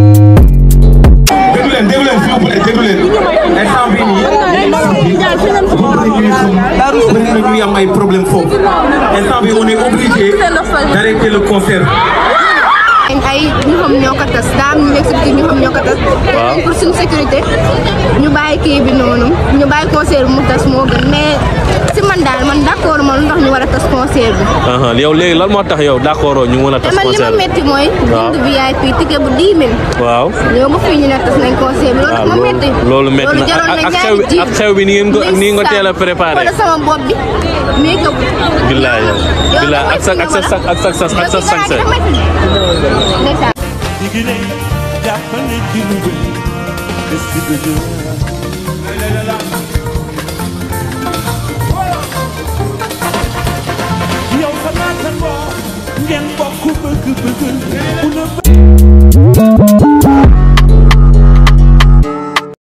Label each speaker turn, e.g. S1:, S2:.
S1: déglu leen déglu leen s'il vous plaît déglu leen instant bii nii bëri na ñuy am ay problème foofu instant bi on est obligé d'arrêter le concert. ay ñu xam ñoo ko tas daa am ñu nekk si ñu xam ñoo ko tas. pour suñu sécurité ñu bàyyi kii bi noonu ñu bàyyi concert mu tas moo gën mais. war ah, a tas concert bi yow léegi lan moo VIP sama ngeen bokk bëgg-bëgg